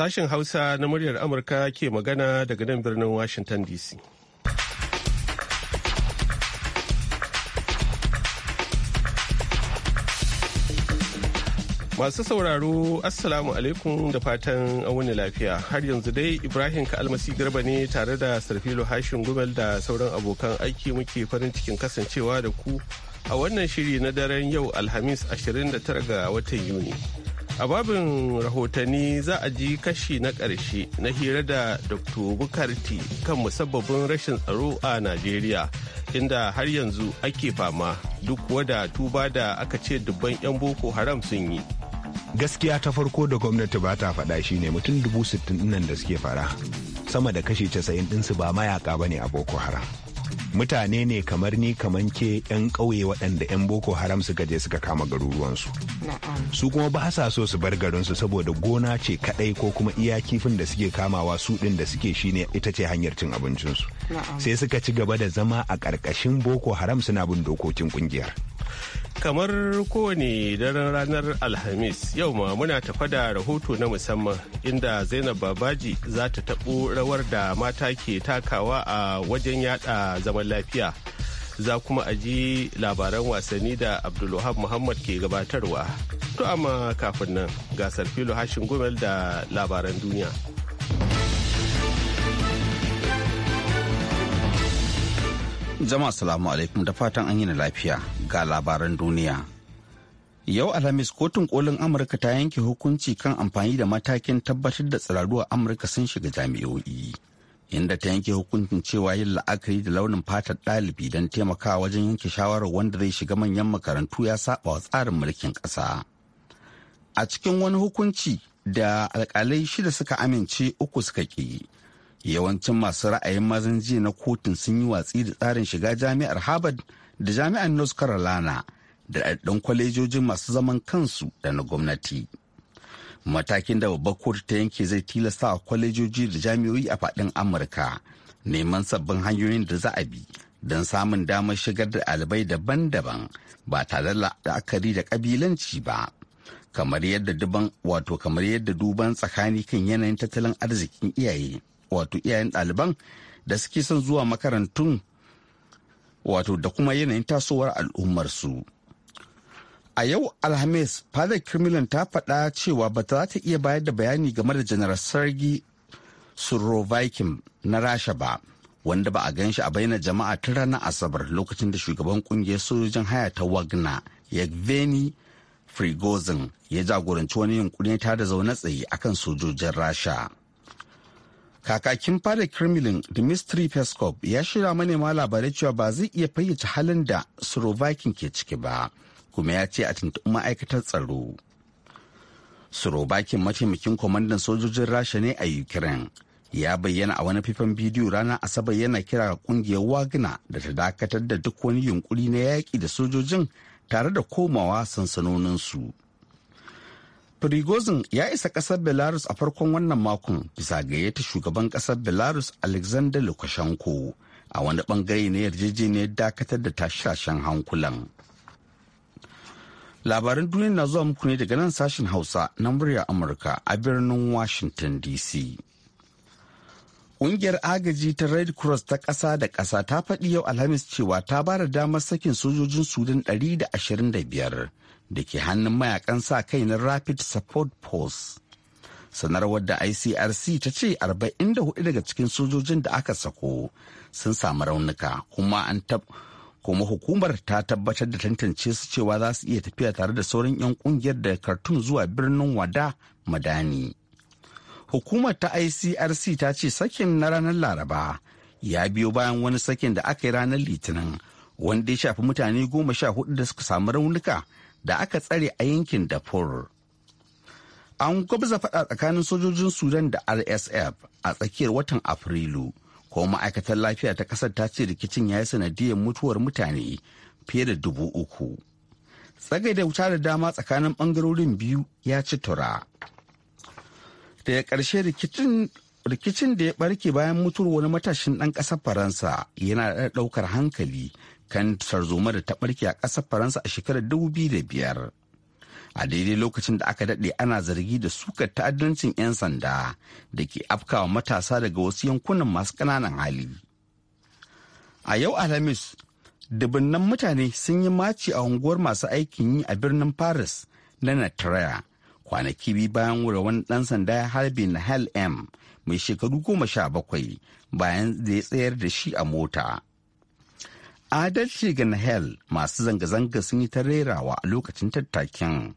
Sashen Hausa na muryar Amurka ke magana daga nan birnin Washington DC. Masu sauraro Assalamu alaikum da fatan wani lafiya. Har yanzu dai Ibrahim Kalmasi Garba ne tare da Sarfilo Hashin Gumel da sauran abokan aiki muke farin cikin kasancewa da ku a wannan shiri na daren yau Alhamis 29 ga watan Yuni. a babin rahotanni za a ji kashi na ƙarshe na hira da dr bukarti kan musabbabin rashin tsaro a najeriya inda har yanzu ake fama duk wada tuba da aka ce dubban 'yan boko haram sun yi gaskiya ta farko da gwamnati ba ta faɗa ne mutum dubu sittin nan da suke fara sama da kashi casa'in ɗinsu ba mayaka ba ne a boko haram mutane ne kamar ni kamar ke 'yan ƙauye waɗanda 'yan boko haram suka je suka kama garuruwansu su kuma ba sa so su bar garinsu saboda gona ce kaɗai ko kuma iya kifin da suke kamawa su ɗin da suke shine ita ce hanyar cin abincinsu sai suka ci gaba da zama a ƙarƙashin boko haram suna bin dokokin ƙungiyar kamar kowane daren ranar alhamis yau ma muna tafa da rahoto na musamman inda zainab babaji za ta taɓo rawar da mata ke takawa a wajen yada zaman lafiya za kuma a ji labaran wasanni da abdulwahab muhammad ke gabatarwa to amma kafin nan gasar filo hashin gumel da labaran duniya. Jama'a salamu alaikum da fatan an yi na lafiya ga labaran duniya. Yau Alhamis kotun kolin Amurka ta yanke hukunci kan amfani da matakin tabbatar da tsiraru a Amurka sun shiga jami'o'i. Inda ta yanke hukuncin cewa yin la'akari da launin fatar ɗalibi don taimakawa wajen yanke shawarar wanda zai shiga manyan makarantu ya saba wa tsarin mulkin ƙasa. A cikin wani hukunci da alkalai shida suka amince uku suka ƙi. yawancin masu ra'ayin mazan jiya na kotun sun yi watsi da tsarin shiga jami'ar harvard da jami'ar north carolina da ɗaɗɗun kwalejojin masu zaman kansu da na gwamnati matakin da babbar kotu ta yanke zai tilasta wa kwalejoji da jami'o'i a faɗin amurka neman sabbin hanyoyin da za a bi don samun damar shigar da ɗalibai daban-daban ba tare da la'akari da ƙabilanci ba kamar yadda duban wato kamar yadda duban tsakani kan yanayin tattalin arzikin iyaye wato iyayen ɗaliban da suke son zuwa makarantun wato da kuma yanayin tasowar al'ummarsu. A yau Alhamis, Fadar kirmilan ta faɗa cewa ba za ta iya bayar da bayani game da Janar sargi Surovikin na Rasha ba, wanda ba a gan shi a bayyana jama'a tun ranar Asabar lokacin da shugaban ƙungiyar sojojin haya ta Wagner, yagveni frigozin ya jagoranci wani yunkuri ta da zaune tsaye akan sojojin Rasha. kakakin fada kremlin dmitry peskov ya shirya manema labarai cewa ba zai iya fayyace halin da surovakin ke ciki ba kuma ya ce a tuntuɓi ma'aikatar tsaro surovakin mataimakin kwamandan sojojin rasha ne a ukraine ya bayyana a wani fifan bidiyo ranar asabar yana kira ga kungiyar wagner da ta dakatar da duk wani yunkuri na yaƙi da sojojin tare da komawa sansanoninsu. su Prigozin ya isa kasar Belarus a farkon wannan makon bisa gayyata shugaban kasar Belarus Alexander Lukashenko a wani ɓangare na yarjejeniyar dakatar da tashashen hankulan. Labarin duniya na zuwa muku ne daga nan sashen Hausa na murya Amurka a birnin Washington DC. Ƙungiyar agaji ta Red Cross ta ƙasa da ƙasa ta faɗi yau Alhamis cewa ta ba da damar sakin sojojin Sudan 125 da ke hannun mayakan sa kai na rapid support force sanarwar da icrc ta ce 44 daga cikin sojojin da aka sako sun samu raunuka kuma an tab kuma hukumar ta tabbatar da tantance su cewa za su iya tafiya tare da sauran 'yan kungiyar da kartun zuwa birnin wada madani hukumar ta icrc ta ce sakin na ranar laraba ya biyo bayan wani sakin da aka yi ranar litinin wanda ya shafi mutane goma sha hudu da suka samu raunuka da aka tsare a yankin fur. An gwabza faɗa tsakanin sojojin Sudan da RSF a tsakiyar watan Afrilu, kuma ma'aikatar lafiya ta ƙasar ta ce rikicin ya yi sanadiyar mutuwar mutane fiye da dubu uku. Tsagai da wuta da dama tsakanin ɓangarorin biyu ya ci tura. Daga ƙarshe rikicin rikicin da ya barke bayan mutuwar wani matashin ɗan ƙasar faransa yana ɗaukar hankali kan tarzoma da ta barke a ƙasar faransa a shekarar biyar. a daidai lokacin da aka daɗe ana zargi da suka ta'addancin 'yan sanda da ke afkawa matasa daga wasu yankunan masu ƙananan hali a yau alhamis dubunnan mutane sun yi maci a unguwar masu aikin yi a birnin paris na natraya kwanaki biyu bayan wura wani ɗan sanda ya harbe na hal m mai shekaru goma sha bakwai bayan da ya tsayar da shi a mota adalci ga nahel masu zanga-zanga sun yi ta rerawa a lokacin tattakin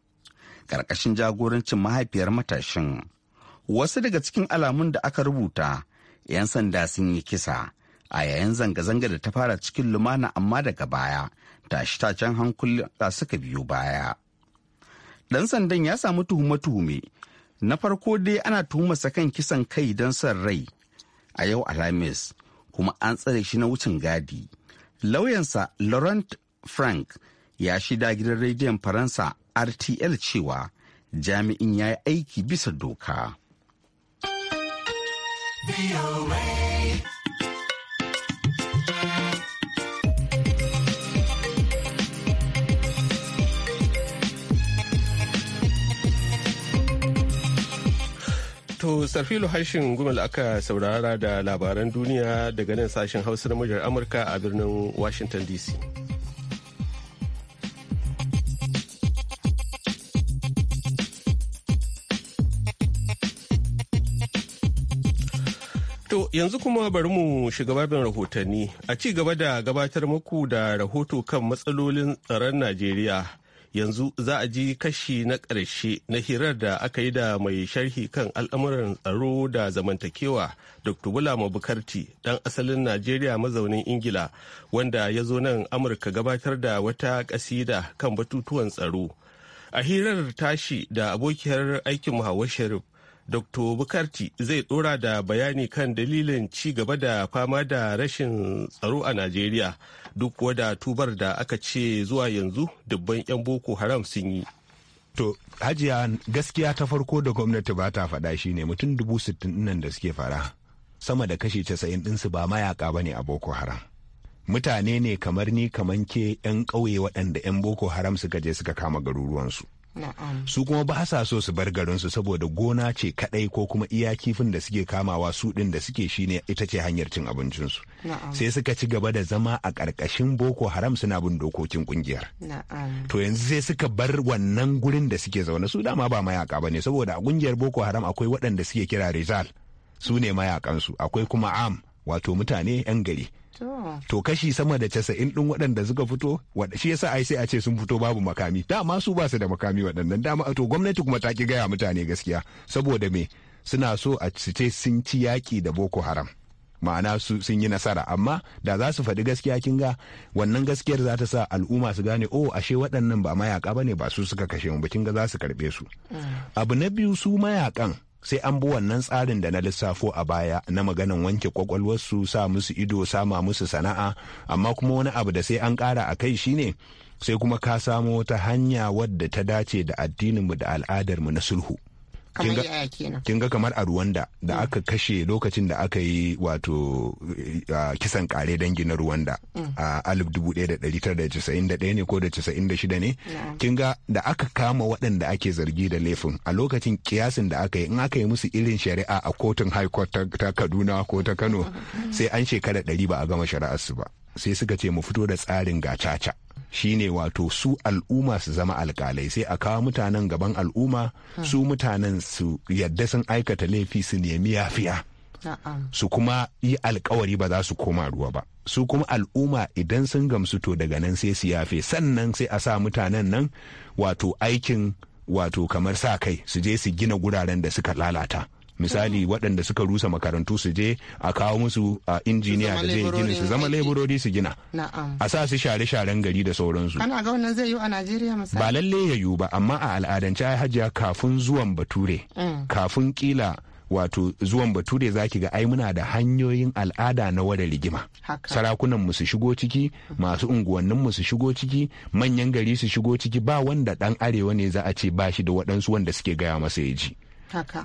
ƙarƙashin jagorancin mahaifiyar matashin wasu daga cikin alamun da aka rubuta 'yan sanda sun yi kisa a yayin zanga-zanga da ta fara cikin lumana amma daga baya tashi-tacen da suka biyo baya ɗan sandan ya samu tuhume-tuhume na farko dai ana tuhumarsa kan kisan kai don son rai a yau alhamis kuma an tsare shi na wucin gadi Lauyansa Laurent Frank ya shida gidan rediyon Faransa RTL cewa jami'in ya yi aiki bisa doka. To Sarfilo Haishin Gumal aka saurara da labaran duniya daga nan sashen Hausa na muryar Amurka a birnin Washington DC. To yanzu kuma bari mu shiga babin rahotanni a ci gaba da gabatar muku da rahoto kan matsalolin tsaron Najeriya. yanzu za a ji kashi na ƙarshe na hirar da aka yi da mai sharhi kan al'amuran tsaro da zamantakewa dr bulama bukarti dan asalin najeriya mazaunin ingila wanda ya zo nan amurka gabatar da wata ƙasida kan batutuwan tsaro a hirar tashi da abokiyar aikin hawa sharif Dr. Bukarti zai dora da bayani kan dalilin ci gaba da fama da rashin tsaro a Najeriya duk wada tubar da aka ce zuwa yanzu dubban 'yan Boko Haram sun yi. To, hajiya gaskiya ta farko da gwamnati ba ta faɗa shi ne mutum dubu sittin nan da suke fara. Sama da kashi casa'in ɗinsu ba mayaka ba ne a Boko Haram. Mutane ne kamar ni kamar ke 'yan ƙauye waɗanda 'yan Boko Haram suka je suka kama garuruwansu. su kuma ba sa so su bar garinsu saboda gona ce kadai ko kuma iya kifin da suke kamawa su din da suke shine ita ce hanyar cin abincinsu sai suka ci gaba da zama a ƙarƙashin boko haram suna bin dokokin kungiyar to yanzu sai suka bar wannan gurin da suke zaune su dama ba mayaka ne saboda a kungiyar boko haram akwai waɗanda suke kira rizal su ne mayakansu akwai kuma am wato mutane 'yan gari to kashi sama da casa'in ɗin waɗanda suka fito shi yasa ai sai a ce sun fito babu makami dama su basu da makami waɗannan dama to gwamnati kuma ta ki gaya mutane gaskiya saboda me suna so a ce sun ci yaƙi da boko haram ma'ana su sun yi nasara amma da za su faɗi gaskiya kin ga wannan gaskiyar za ta sa al'umma su gane o oh, ashe waɗannan ba mayaka ba ne ba su suka kashe mu kin ga za su karɓe su mm. abu na biyu su mayakan sai an bi wannan tsarin da na lissafo a baya na maganan wanke su sa musu ido sama musu sana'a amma kuma wani abu da sai an ƙara a kai shine sai kuma ka samo ta hanya wadda ta dace da addininmu da al'adarmu na sulhu. kin ga kamar a ruwanda da mm. aka kashe lokacin da aka yi wato kisan kare dangi na ruwanda. Mm. a 1991 ne ko da 96 ne kin ga da aka kama waɗanda ake zargi da laifin a lokacin kiyasin da aka yi in aka yi musu irin shari'a a kotun high court ta Kaduna ko ta Kano mm. sai an shekara 100 ba a gama shari'ar su ba sai suka ce mu fito da tsarin gacaca shine wato su al'umma su zama alkalai sai a kawo mutanen gaban al'umma hmm. su mutanen su yadda sun aikata laifi su nemi yafiya su kuma yi alkawari ba za su koma ruwa ba su kuma al'umma idan sun gamsu to daga nan sai su yafe sannan sai a sa mutanen nan wato aikin wato kamar sa kai su je su gina guraren da suka lalata misali waɗanda suka rusa makarantu su je a kawo musu a injiniya da zai gina su zama leburori su gina a sa su share-sharen gari da sauransu kana ga wannan zai yi a Najeriya misali ba lalle ya yiwu ba amma a al'adance hajiya kafin zuwan bature mm. kafin kila wato zuwan bature zaki ga ai muna da hanyoyin al'ada na wada rigima sarakunan mu su shigo ciki masu unguwannin mu su shigo ciki manyan gari su shigo ciki ba wanda dan arewa ne za a ce ba shi da waɗansu wanda suke gaya masa ya ji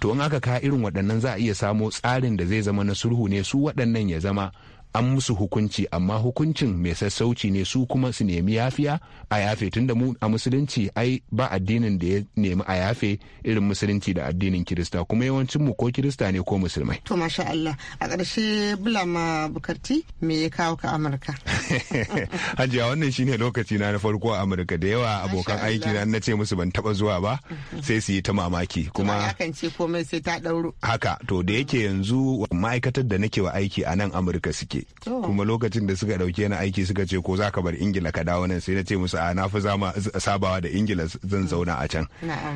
to in aka ka irin waɗannan za a iya samo tsarin da zai zama na sulhu ne su waɗannan ya zama an musu hukunci amma hukuncin mai sassauci ne su kuma su nemi yafiya a yafe tunda mu a musulunci ai ba addinin da ya nemi a yafe irin musulunci da addinin kirista kuma yawancin mu ko kirista ne ko musulmai to masha Allah a ƙarshe bulama bukarti me ya kawo ka amurka hajiya wannan shine lokaci na na farko a amurka da yawa abokan aiki na na ce musu ban taba zuwa ba mhm. sai su yi ta mamaki kuma kan ce komai sai ta ɗauro. haka to da yake yanzu ma'aikatar da nake wa aiki a nan amurka suke kuma lokacin da suka dauke ni aiki suka ce ko zaka bar ingila ka dawo nan sai na ce musu a na fi sabawa da ingila zan zauna a can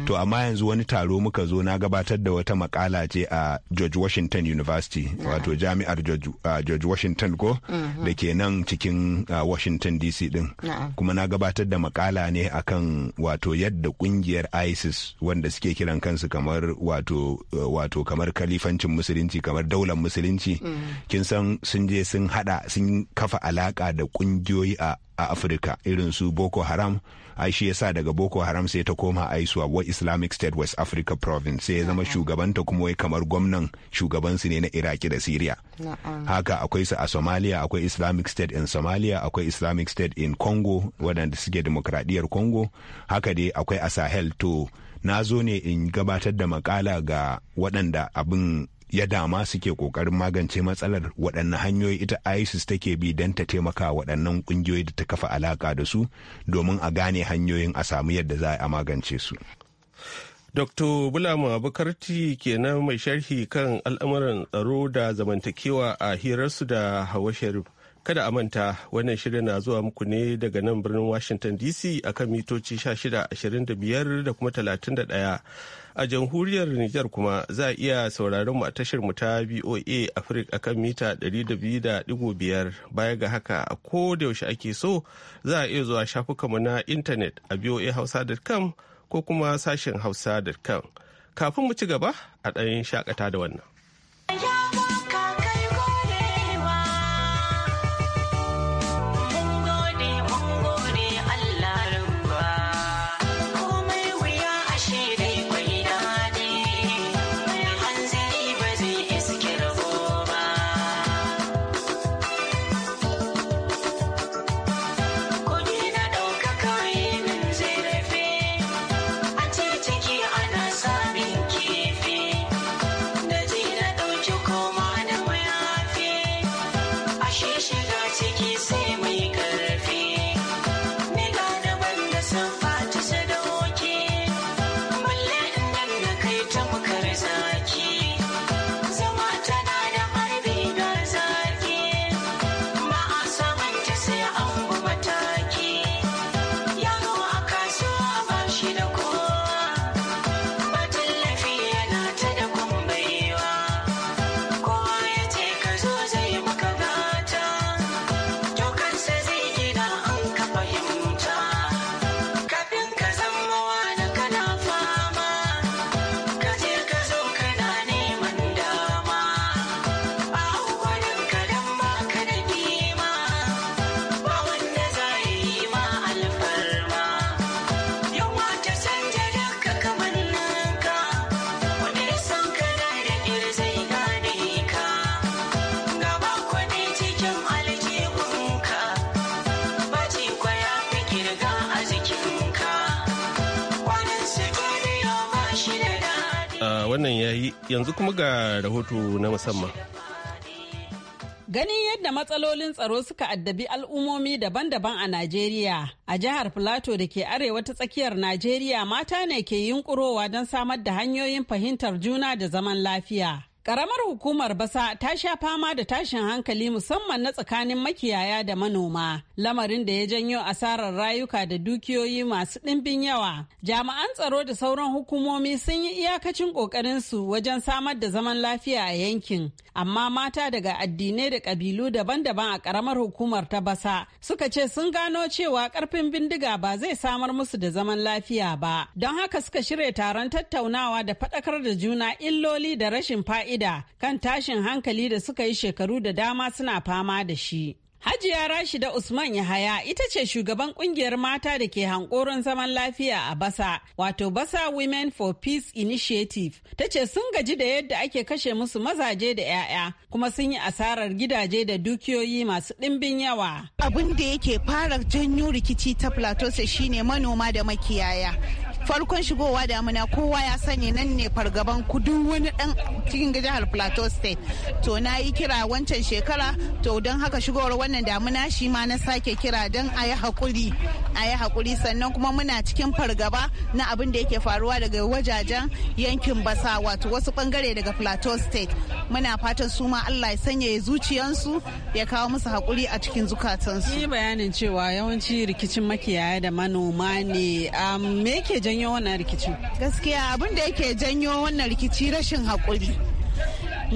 to amma yanzu wani taro muka zo na gabatar da wata makala ce a george washington university wato jami'ar george washington ko mhm. da ke nan cikin washington dc din kuma na gabatar da makala ne akan wato yadda kungiyar isis wanda suke kiran kansu kamar wato wato kamar kalifancin musulunci kamar daular musulunci mm. kin san sun je sun hada sun kafa alaka da kungiyoyi a afirka irin su boko haram ai shi yasa daga boko haram sai ta koma aisuwa wa islamic state west africa province sai ya zama shugabanta kuma wai kamar gwamnan shugabansu ne na iraki da syria haka akwai su a somalia akwai islamic state in somalia akwai islamic state in congo waɗanda suke demokradiyyar congo haka dai akwai a sahel to na zo ne in gabatar da makala ga waɗanda abin ya dama suke kokarin magance matsalar waɗannan hanyoyi ita isis take bi don ta taimaka waɗannan ƙungiyoyi da ta kafa alaka da su domin a gane hanyoyin a samu yadda za a magance su dr bulama bukarti kenan mai sharhi kan al'amuran tsaro da zamantakewa a hirarsu da hawa sharif kada a manta wannan shirin na zuwa muku ne daga nan birnin washington dc akan mitoci 1625 da kuma 31 a jamhuriyar Nijar kuma za a iya sauraron mu a tashar mu ta BOA Africa akan mita 200.5 baya ga haka a ko da yaushe ake so za a iya zuwa shafukanmu na intanet a boahausa.com ko kuma sashen hausa.com kafin mu ci gaba a ɗan shakata da wannan. yi yanzu kuma ga rahoto na musamman. Ganin yadda matsalolin tsaro suka addabi al'ummomi daban-daban a Najeriya, a jihar Filato da ke arewa ta tsakiyar Najeriya mata ne ke yunkurowa don samar da hanyoyin fahimtar juna da zaman lafiya. Ƙaramar hukumar basa ta sha fama da tashin hankali musamman na tsakanin makiyaya da manoma, lamarin da ya janyo asarar rayuka da dukiyoyi masu ɗimbin yawa. Jami'an tsaro da sauran hukumomi sun yi iyakacin ƙoƙarinsu wajen samar da zaman lafiya a yankin, amma mata daga addinai da ƙabilu daban-daban a ƙaramar hukumar ta basa suka ce sun gano cewa ƙarfin bindiga ba zai samar musu da zaman lafiya ba. Don haka suka shirya taron tattaunawa da faɗakar da juna illoli da rashin fa'i ƙa'ida kan tashin hankali da suka yi shekaru da dama suna fama da shi. Hajiya Rashida Usman Yahaya ita ce shugaban kungiyar mata da ke hankoron zaman lafiya a Basa, wato Basa Women for Peace Initiative. Ta ce sun gaji da yadda ake kashe musu mazaje da 'ya'ya kuma sun yi asarar gidaje da dukiyoyi masu ɗimbin yawa. Abin da yake fara janyo rikici ta Plateau shine manoma da makiyaya. farkon shigowa damuna kowa ya sani nan ne fargaban kudin wani dan cikin jihar plateau state to na yi kira wancan shekara to don haka shigowar wannan damuna shi ma na sake kira don a yi hakuri a yi hakuri sannan kuma muna cikin fargaba na abin da yake faruwa daga wajajen yankin basa wato wasu bangare daga plateau state muna fatan su ma allah ya sanya zuciyansu ya kawo musu hakuri a cikin zukatansu. yi bayanin cewa yawanci rikicin makiyaya da manoma ne me yake janyo wannan rikici gaskiya abin da yake janyo wannan rikici rashin haƙuri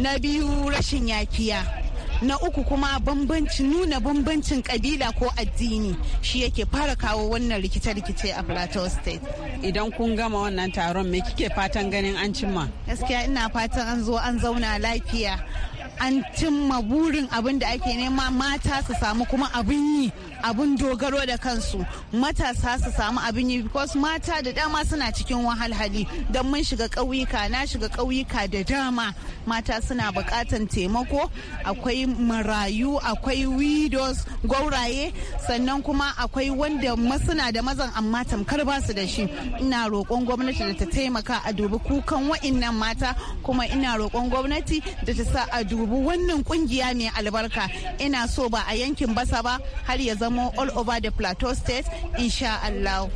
na biyu rashin yakiya na uku kuma bambanci nuna bambancin kabila ko addini shi yake fara kawo wannan rikice-rikice a plateau state idan kun gama wannan taron me kike fatan ganin an cimma gaskiya ina fatan an zo an zauna lafiya an cimma burin abin da ake nema mata su samu kuma abin yi abin dogaro da kansu matasa su samu abin yi because mata da dama suna cikin wahalhali don mun shiga ƙauyuka na shiga ƙauyuka da dama mata suna buƙatan taimako akwai marayu akwai widows gwauraye sannan kuma akwai wanda suna da mazan amma tamkar ba su da shi ina roƙon gwamnati da ta taimaka a dubi kukan wa'innan mata kuma ina roƙon gwamnati da ta sa a dubi rubu wannan kungiya mai albarka ina so ba a yankin basa ba har ya zamo all over the plateau state insha Allah.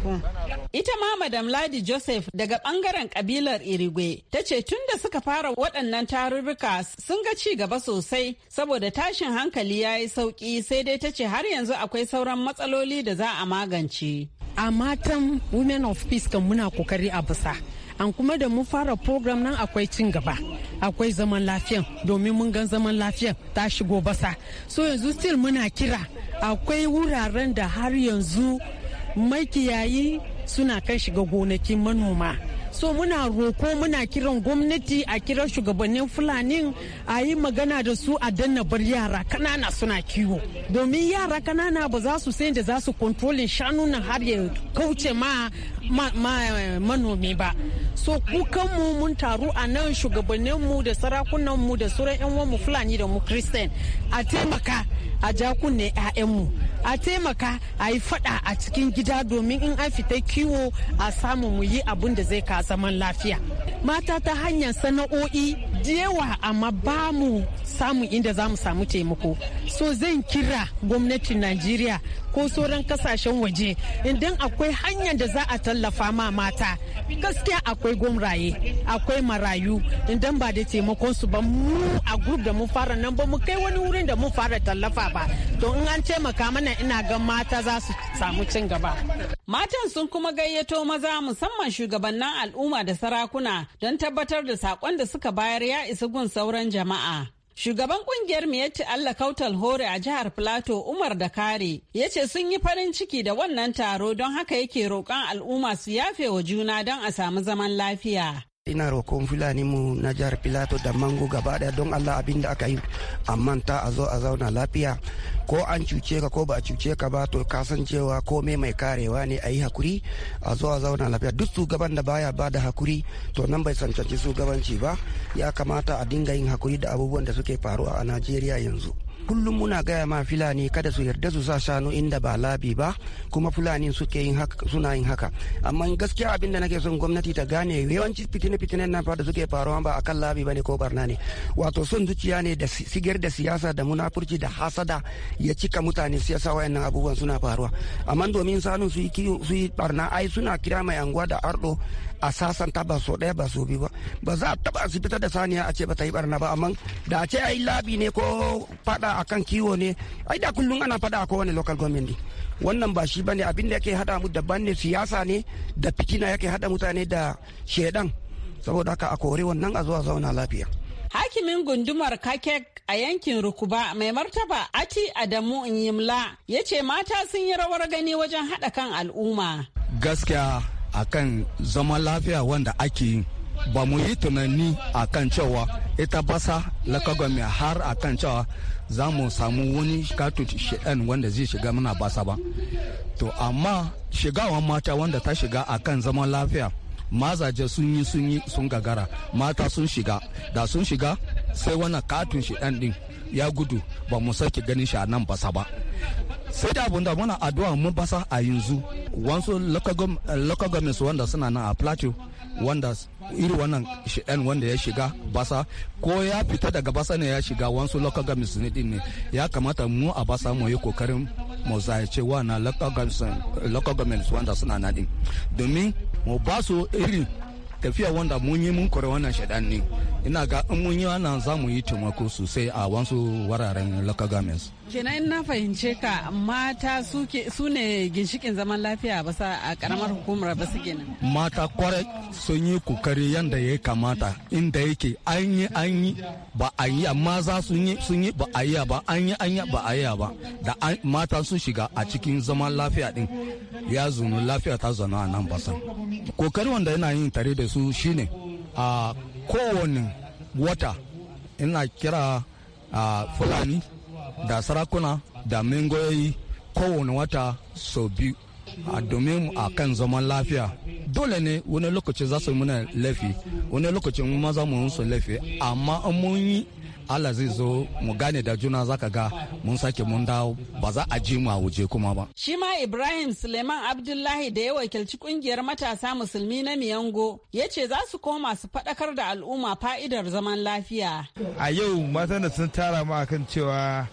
Ita ma Madam Ladi Joseph daga bangaren kabilar Irigwe ta ce tun da suka fara waɗannan tarurruka sun ga ci gaba sosai saboda tashin hankali ya yi sauƙi sai dai ta ce har yanzu akwai sauran matsaloli da za a magance. A matan Women of Peace kan muna kokari a bisa. an kuma da mu fara program nan akwai cin gaba akwai zaman lafiya domin mun gan zaman lafiya ta shigo basa so yanzu still muna kira akwai wuraren da har yanzu makiyayi suna kan shiga gonakin manoma so muna roko muna kiran gwamnati a kiran shugabannin fulani a yi magana da su a danna bar yara kanana suna kiwo domin yara kanana ba za su san da za su kontrolin shanu na har ya kauce ma manomi ba so kukanmu mun taru a nan shugabanninmu da sarakunanmu da sauran 'yan mu fulani da mu kristen a taimaka a jakunne 'ya'yanmu a taimaka a yi fada a cikin gida domin in an fita kiwo a samu mu yi abin da zai ka zaman lafiya mata ta hanyar sana'o'i yawa amma ba mu samu inda za mu samu taimako so zan kira gwamnatin najeriya ko sauran kasashen waje idan akwai hanyar da za a tallafa ma mata gaskiya akwai gwamraye akwai marayu idan ba da taimakon su ba mu a grup da mun fara nan ba mu kai wani wurin da mun fara tallafa ba to in an taimaka mana ina ga mata za su samu cin gaba matan sun kuma gayyato maza musamman shugabannin al'umma da sarakuna don tabbatar da sakon da suka bayar ya isa gun sauran jama'a. Shugaban kungiyar Miyatti Allah Kautal Hore a jihar Plato Umar dakare Kare ya ce sun yi farin ciki da wannan taro don haka yake roƙon al'umma su yafe wa juna don a samu zaman lafiya. ina rokon fulani mu na jihar filato da mango gaba daya don allah abin da aka yi a manta a zo a zauna lafiya ko an cuce ka ko ba a cuce ka ba to kasancewa me mai karewa ne a yi hakuri a zo a zauna lafiya duk su gaban da baya ba da hakuri to nan bai cancanci shugabanci ba ya kamata a dinga yin hakuri da abubuwan da suke faruwa a najeriya yanzu kullum muna gaya ma filani kada su yarda su sa shanu inda ba labi ba kuma fulani suke haka suna yin haka amma gaskiya abin da nake son gwamnati ta gane yawanci fitine fitine nan fa da suke faruwa ba akan labi bane ko barna ne wato son zuciya ne da sigar da siyasa da munafurci da hasada ya cika mutane siyasa wayannan abubuwan suna faruwa amma domin sanu su yi barna ai suna kira mai anguwa da ardo a sasanta ba so ɗaya ba so biyu ba ba za a taba su da saniya a ce ba ta yi barna ba amma da a ce ai labi ne ko fada akan kiwo ne ai da kullum ana fada a kowane local government wannan ba shi bane abin da yake hada mu daban ne siyasa ne da fitina yake hada mutane da shedan saboda haka a kore wannan a zuwa zauna lafiya hakimin gundumar kakek a yankin rukuba mai martaba ati adamu yimla ya ce mata sun yi rawar gani wajen haɗa kan al'umma gaskiya akan zaman lafiya wanda ake yi ba mu yi tunani akan cewa ita basa lakagwami har akan cewa za mu samu wani katut shi'an wanda zai shiga mana basa ba to amma shigawan mata wanda ta shiga akan zaman lafiya mazaje sun yi sun yi sun gagara mata sun shiga da sun shiga sai wannan katun she'en din ya gudu ba mu sake ganin shi a nan basa ba sai da abun da muna addu'a mun basa a yanzu wasu local governments wanda suna nan a plateau wanda iri wannan shi'an wanda ya shiga basa ko ya fita daga basa ne ya shiga wasu local governments ne din ne ya kamata mu a basa mu yi kokarin mu zayace wa na local governments wanda suna nan din domin mu ba su irin tafiya wanda mun yi mun kore wannan shaidan ne ina ga in mun yi wannan za mu yi taimako sosai a wasu wararen local governments kenan in na fahimce ka mata su ne ginshikin zaman lafiya ba sa a karamar hukumar ba su kenan mata kwarai sun yi kokari yanda ya kamata inda yake an yi an yi ba a yi amma za su yi sun yi ba a yi ba an yi an yi ba a yi ba da mata sun shiga a cikin zaman lafiya din ya zunu lafiya ta zana a nan basan kokari wanda yana yin tare da su shine a kowane wata ina kira a fulani da sarakuna da mingoyoyi kowane wata sau biyu a domin a kan zaman lafiya dole ne wani lokaci za su muna laifi wani lokacin ma za mu su laifi amma an mun yi Allah zai zo mu gane da juna zaka ga mun sake mun dawo ba za a ji mu a waje kuma ba. Shi ma Ibrahim Suleiman Abdullahi da ya wakilci kungiyar matasa musulmi na Miyango ya ce za su koma su faɗakar da al'umma fa'idar zaman lafiya. A yau matan da sun tara mu akan cewa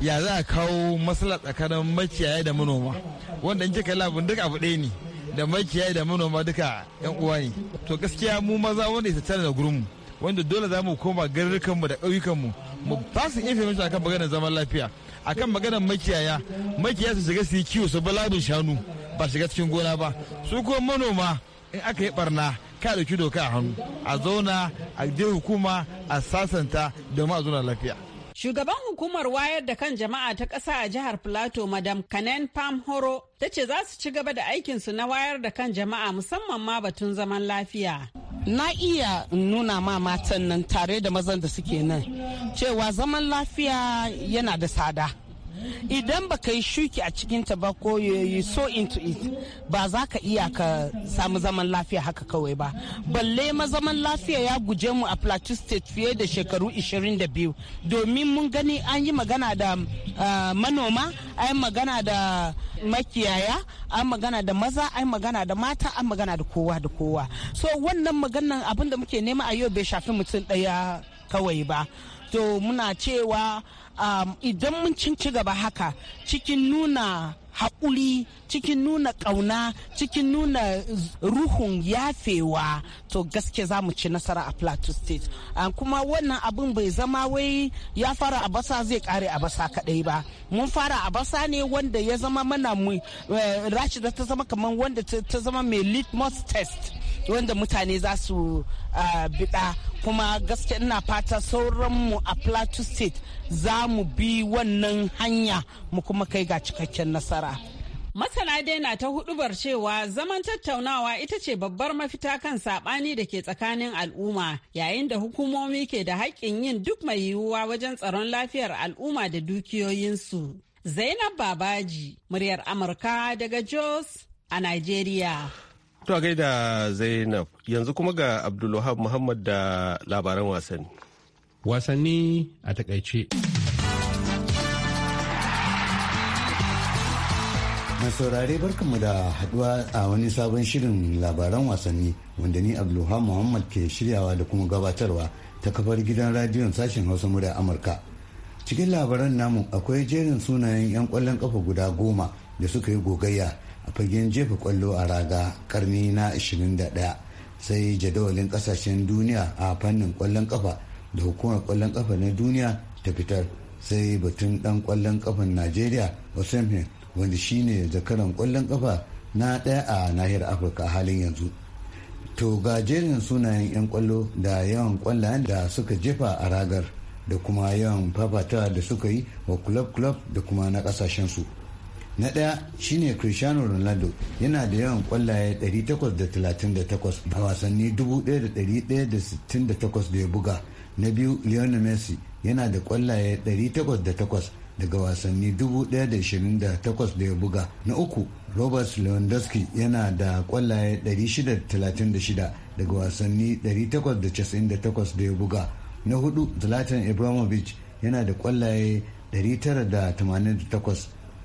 ya za a kawo masala tsakanin makiyaye da manoma wanda in kika labin duk abu ɗaya ne da makiyaye da manoma duka 'yan uwa ne. To gaskiya mu maza wanda ya tattara da gurinmu. wanda dole za mu koma garurukanmu da ƙauyukanmu mu ba su information akan maganar zaman lafiya akan maganar makiyaya makiyaya su shiga su yi kiwo su balabin shanu ba shiga cikin gona ba su ko manoma in aka yi barna ka dauki doka a hannu a zauna a je hukuma a sasanta domin a zauna lafiya. Shugaban hukumar wayar da kan jama'a ta kasa a jihar Plateau, Madam Kanen Pam Horo, ta ce za su ci gaba da aikinsu na wayar da kan jama'a musamman ma batun zaman lafiya. na iya nuna ma matan nan tare da mazan da suke nan cewa zaman lafiya yana da tsada idan ba yi shuki a cikinta ba ko yi so into it ba za ka iya ka samu zaman lafiya haka kawai ba balle ma zaman lafiya ya guje mu a plateau state fiye da shekaru 22 domin mun gani an yi magana da uh, manoma an yi magana da makiyaya an magana da maza an magana da mata an magana da kowa da kowa so wannan maganan abin da muke nema a yau bai shafi mutum ɗaya kawai ba to muna cewa um, idan mun ci gaba haka cikin nuna haƙuri cikin nuna ƙauna cikin nuna ruhun yafewa to gaske za mu ci nasara a plateau state ah, kuma wannan abin bai zama wai ya fara a basa zai kare a basa kaɗai ba mun fara a basa ne wanda ya zama mana eh, rashida ta zama kamar wanda ta zama mai litmus test wanda mutane za su bida kuma gaske ina fata sauranmu a plateau state za mu bi wannan hanya mu kuma kai ga cikakken nasara Masana dai na ta hudubar cewa zaman tattaunawa ita ce babbar mafita kan sabani da ke tsakanin al'umma yayin da hukumomi ke da haƙƙin yin duk mai yiwuwa wajen tsaron lafiyar al'umma da dukiyoyinsu. Zainab Babaji, muryar Amurka daga Jos a Nigeria. To a gaida Zainab yanzu kuma ga Abdulwahab Muhammad da labaran wasanni. Wasanni a takaice. Mai saurare barkanmu da haduwa a wani sabon shirin labaran wasanni wanda ni Abdulwahab Muhammad ke shiryawa da kuma gabatarwa ta kafar gidan radiyon sashen Hausa murya Amurka. Cikin labaran namu akwai jerin sunayen 'yan kwallon kafa guda goma da suka yi gogayya a fagen jefa kwallo a raga karni na 21 sai jadawalin kasashen duniya a fannin kwallon kafa da hukumar kwallon kafa na duniya ta fitar sai batun dan kwallon kafan najeriya osimhen wanda shine zakaran kwallon kafa na daya a nahiyar afirka a halin yanzu to ga jerin sunayen 'yan kwallo da yawan kwallayen da suka jefa a ragar da kuma yawan fafata da suka yi wa club club da kuma na kasashen su na ɗaya shine cristiano ronaldo yana da yawan kwallaye 838 a wasanni 1168 da ya buga na biyu lionel messi yana da kwallaye 808 daga wasanni 1028 da ya buga na uku robert lewandowski yana da kwallaye 636 daga wasanni 898 da ya buga na hudu zlatan ibrahimovic yana da kwallaye 988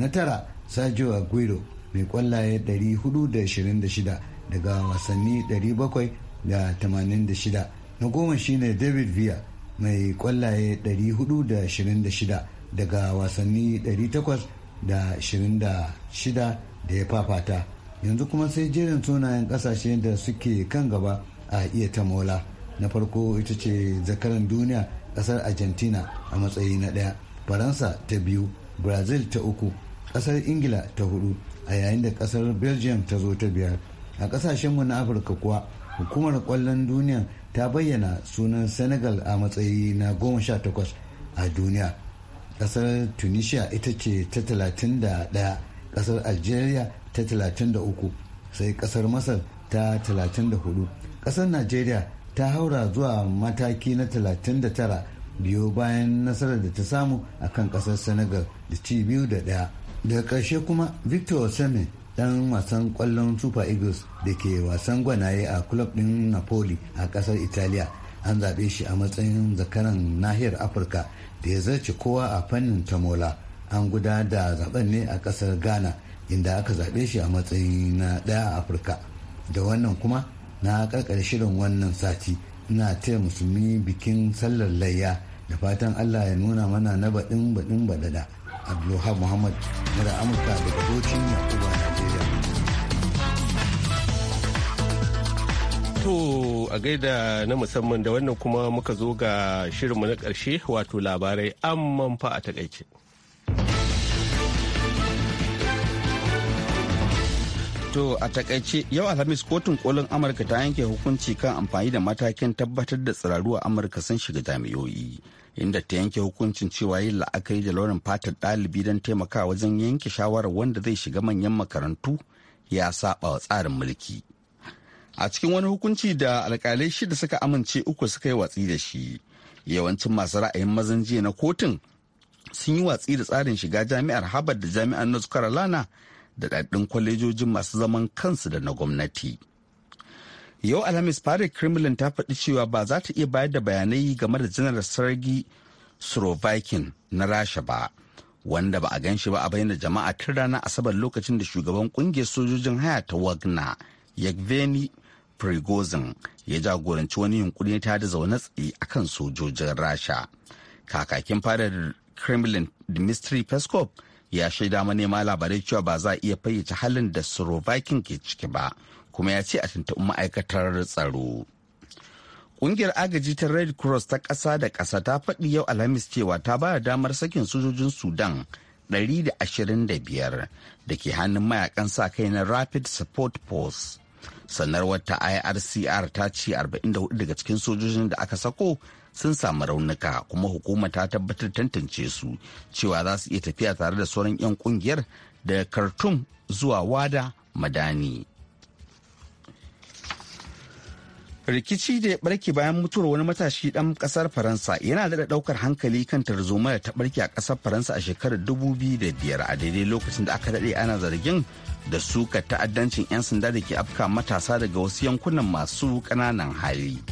na tara sajo aguero mai kwallaye 426 daga wasanni 786 na goma shine david via mai kwallaye 426 daga wasanni 826 da ya fafata yanzu kuma sai jerin sunayen kasashe da suke kan gaba a iya ta mola na farko ita ce zakaran duniya kasar argentina a matsayi na daya faransa ta biyu brazil ta uku kasar ingila ta hudu a yayin da kasar belgium ta zo ta biyar a kasashen na afirka kuwa hukumar kwallon duniya ta bayyana sunan senegal a matsayi na 18 a duniya kasar tunisia ita ce ta 31 kasar algeria ta 33 sai kasar masar ta 34 kasar nigeria ta haura zuwa mataki na 39 biyo bayan nasarar da ta samu a kan kasar senegal da ci biyu da daya daga ƙarshe kuma victor osimhen dan wasan kwallon super eagles da ke wasan gwanaye a club din napoli a ƙasar italiya an zaɓe shi a matsayin zakaran nahiyar afirka da ya zarce kowa a fannin tamola an guda da zaben ne a ƙasar ghana inda aka zaɓe shi a matsayin na ɗaya a afirka da wannan kuma na ƙarƙar shirin wannan sati ina taya musulmi bikin sallar layya da fatan allah ya nuna mana na baɗin baɗin baɗaɗa abdulwahab muhammad mura amurka daga bauchin yakuba nigeria To a gaida na musamman da wannan kuma muka zo ga shirinmu na ƙarshe wato labarai amman fa a takaice. To a takaice yau Alhamis kotun kolin Amurka ta yanke hukunci kan amfani da matakin tabbatar da tsiraru a Amurka sun shiga jami'o'i. Inda ta yanke hukuncin cewa yin la'akari da launin fatar ɗalibi don taimakawa wajen yanke shawarar wanda zai shiga manyan makarantu ya saba wa tsarin mulki. A cikin wani hukunci da alkalai shida suka amince uku suka yi watsi da shi. Yawancin masu ra'ayin mazan jiya na kotun sun yi watsi da tsarin shiga jami'ar Harvard da jami'ar North Carolina daɗaɗɗun kwalejojin masu zaman kansu da na gwamnati. Yau Alhamis fadar Kremlin ta faɗi cewa ba za ta iya bayar da bayanai game da janar Sargi Surovikin na Rasha ba, wanda ba a gan shi ba a bayyana jama'a tun ranar Asabar lokacin da shugaban ƙungiyar sojojin haya ta Wagner, Yevgeny Prigozhin ya jagoranci wani yunkuri ta da zaune tsaye akan sojojin Rasha. Kakakin fadar Kremlin Dmitry Peskov ya shaida manema labarai cewa ba za a iya fayyace halin da surovakin ke ciki ba kuma ya ce a tuntuɓi ma'aikatar tsaro Ƙungiyar agaji ta Red Cross ta ƙasa da ƙasa ta faɗi yau Alhamis cewa ta ba damar sakin sojojin Sudan 125 da ke hannun mayakan sa kai na Rapid Support Force. Sanarwar ta IRCR ta ce 44 daga cikin sojojin da aka sako sun samu raunuka kuma hukuma ta tabbatar tantance su cewa za su iya tafiya tare da sauran 'yan kungiyar daga khartoum zuwa wada madani rikici da ya barke bayan mutuwar wani matashi dan kasar faransa yana da daukar hankali kan tarzoma da ta barke a kasar faransa a shekarar 2005 a daidai lokacin da aka daɗe ana zargin da suka ta'addancin 'yan sanda da ke afka matasa daga wasu yankunan masu kananan hali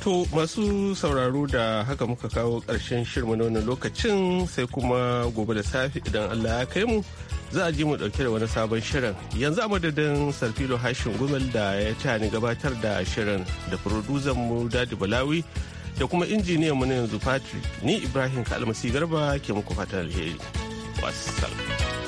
To masu sauraro da haka muka kawo ƙarshen shirma na wannan lokacin sai kuma gobe da safe idan Allah ya kai mu za a ji mu ɗauke da wani sabon shirin. Yanzu a madadin Sarfilo Hashin Gumel da ya ta ni gabatar da shirin da furodusan mu Dadi Balawi da kuma injiniyan mu na yanzu Patrick ni Ibrahim Kalmasi Garba ke muku fatan alheri. Wassalam.